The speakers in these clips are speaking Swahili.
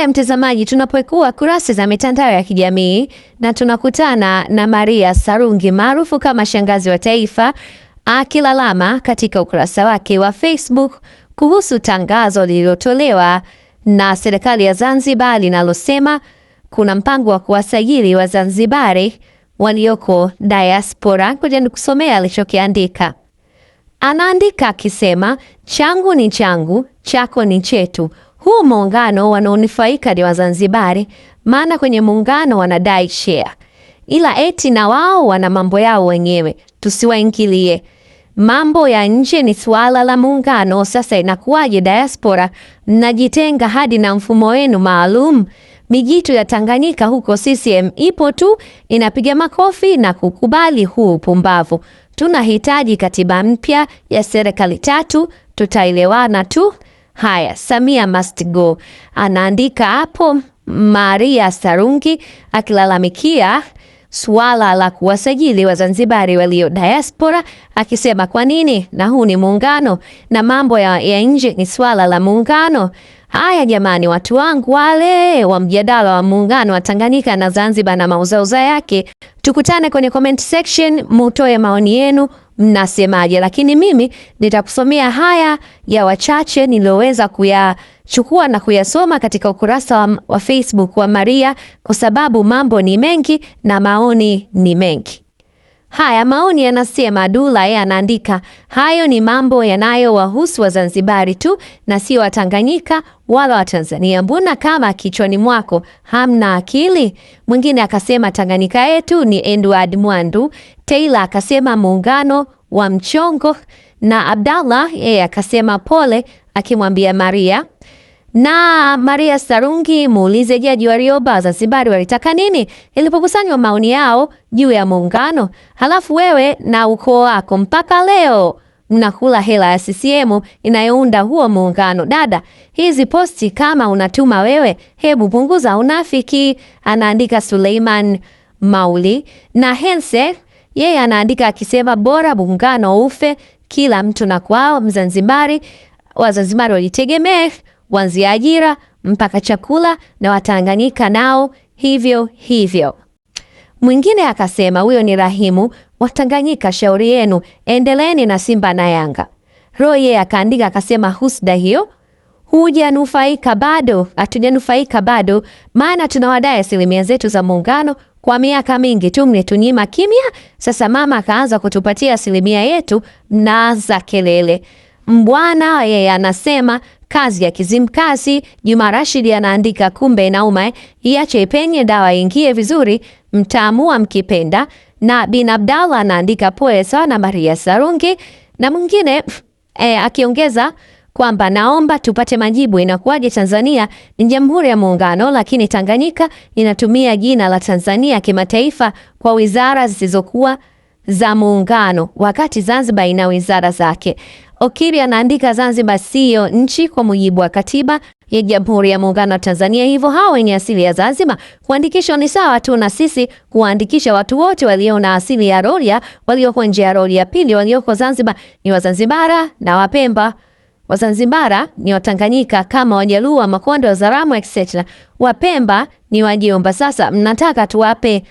Haya mtazamaji, tunapekua kurasa za mitandao ya kijamii na tunakutana na Maria Sarungi maarufu kama shangazi wa taifa akilalama katika ukurasa wake wa Facebook kuhusu tangazo lililotolewa na serikali ya Zanzibar linalosema kuna mpango wa kuwasajili Wazanzibari walioko diaspora. Kuja nikusomea alichokiandika. Anaandika akisema, changu ni changu, chako ni chetu huu muungano wanaonufaika ni Wazanzibari, maana kwenye muungano wanadai share, ila eti na wao wana mambo yao wenyewe, tusiwaingilie. Mambo ya nje ni suala la muungano. Sasa inakuwaje diaspora mnajitenga hadi na mfumo wenu maalum? Mijitu ya Tanganyika huko CCM ipo tu inapiga makofi na kukubali huu upumbavu. Tunahitaji katiba mpya ya serikali tatu, tutaelewana tu. Haya, Samia must go, anaandika hapo Maria Sarungi akilalamikia suala la kuwasajili Wazanzibari walio diaspora, akisema kwa nini, na huu ni muungano na mambo ya, ya nje ni suala la muungano. Haya jamani, watu wangu wale wa mjadala wa muungano wa Tanganyika na Zanzibar na mauzauza yake, tukutane kwenye comment section, mutoe maoni yenu mnasemaje, lakini mimi nitakusomea haya ya wachache niliyoweza kuyachukua na kuyasoma katika ukurasa wa, wa Facebook wa Maria kwa sababu mambo ni mengi na maoni ni mengi. Haya maoni yanasema, Dula yeye anaandika hayo ni mambo yanayowahusu Wazanzibari tu na sio Watanganyika wala Watanzania. Mbona kama kichwani mwako hamna akili? Mwingine akasema Tanganyika yetu ni Edward Mwandu. Taylor akasema muungano wa mchongo, na Abdallah yeye akasema pole, akimwambia Maria na Maria Sarungi muulize jaji wa Warioba Zanzibari walitaka nini ilipokusanywa maoni yao juu ya muungano. Halafu wewe na ukoo wako mpaka leo mnakula hela ya CCM inayounda huo muungano. Dada, hizi posti kama unatuma wewe, hebu punguza unafiki, anaandika Suleiman Mauli. Na Hense yeye anaandika akisema bora muungano ufe, kila mtu na kwao, Mzanzibari Wazanzibari wajitegemee kuanzia ajira mpaka chakula na Watanganyika nao hivyo hivyo. Mwingine akasema huyo ni Rahimu, Watanganyika shauri yenu, endeleeni na Simba na Yanga. Roye akaandika akasema, husda hiyo hujanufaika bado, hatujanufaika bado, maana tunawadai asilimia zetu za muungano kwa miaka mingi tu, mnetunyima kimya. Sasa mama akaanza kutupatia asilimia yetu, mnaanza kelele. Mbwana yeye anasema kazi ya Kizimkazi. Juma Rashid anaandika kumbe inauma eh, iache ipenye dawa ingie vizuri, mtaamua mkipenda. Na bin Abdalla anaandika pole sana Maria Sarungi, na mwingine e, akiongeza kwamba naomba tupate majibu, inakuwaje Tanzania ni Jamhuri ya Muungano lakini Tanganyika inatumia jina la Tanzania kimataifa kwa wizara zisizokuwa za muungano wakati Zanzibar ina wizara zake. Okiri anaandika Zanzibar siyo e nchi kwa mujibu wa katiba ya Jamhuri ya Muungano wa Tanzania, hivyo hao wenye asili ya Zanzibar kuandikishwa ni sawa tu na sisi kuandikisha watu wote walio na asili ya Rorya, walioko nje ya Rorya pili, walioko Zanzibar ni Wazanzibara na Wapemba. Wazanzibara ni Watanganyika kama Wajaluo, Makonde, Wazaramo etc. Wapemba ni wajiomba Sasa mnataka tuwape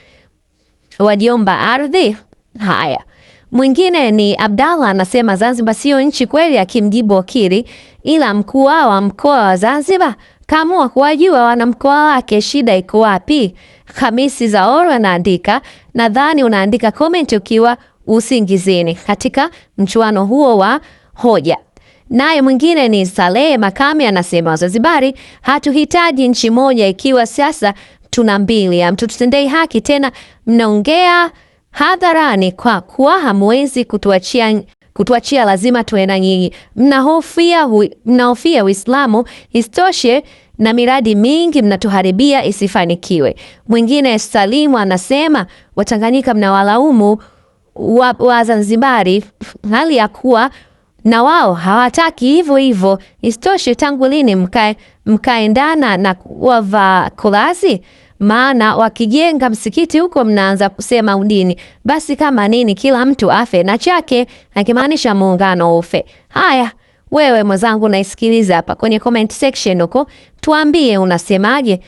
Wajiomba ardhi? Haya. Mwingine ni Abdallah anasema Zanzibar sio nchi kweli, akimjibu wakili, ila mkuu wa mkoa wa Zanzibar kaamua kuwajua wanamkoa wake, shida iko wapi? Hamisi Zaoro anaandika, nadhani unaandika comment ukiwa usingizini katika mchuano huo wa hoja. Naye mwingine ni Salehe Makame anasema Wazanzibari hatuhitaji nchi moja ikiwa sasa tuna mbili, hamtutendei haki tena, mnaongea hadharani kwa kuwa hamwezi kutuachia kutuachia, lazima tuwe na nyinyi. Mnahofia mnahofia Uislamu. Isitoshe, na miradi mingi mnatuharibia isifanikiwe. Mwingine Salimu anasema Watanganyika mnawalaumu wa, Wazanzibari hali ya kuwa na wao hawataki hivyo hivyo. Isitoshe, tangu lini mkaendana mka na kulazi maana wakijenga msikiti huko mnaanza kusema udini, basi kama nini kila mtu afe na chake, akimaanisha muungano ufe. Haya, wewe mwenzangu, naisikiliza hapa kwenye comment section huko, tuambie unasemaje.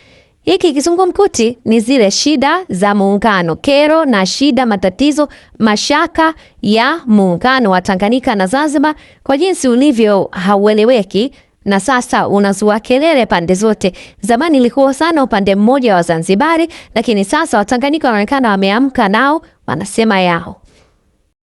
Hiki kizungumkuti ni zile shida za muungano, kero na shida, matatizo, mashaka ya muungano wa Tanganyika na Zanzibar kwa jinsi ulivyo haueleweki na sasa unazua kelele pande zote. Zamani ilikuwa sana upande mmoja wa Zanzibari, lakini sasa Watanganyika wanaonekana wameamka, nao wanasema yao.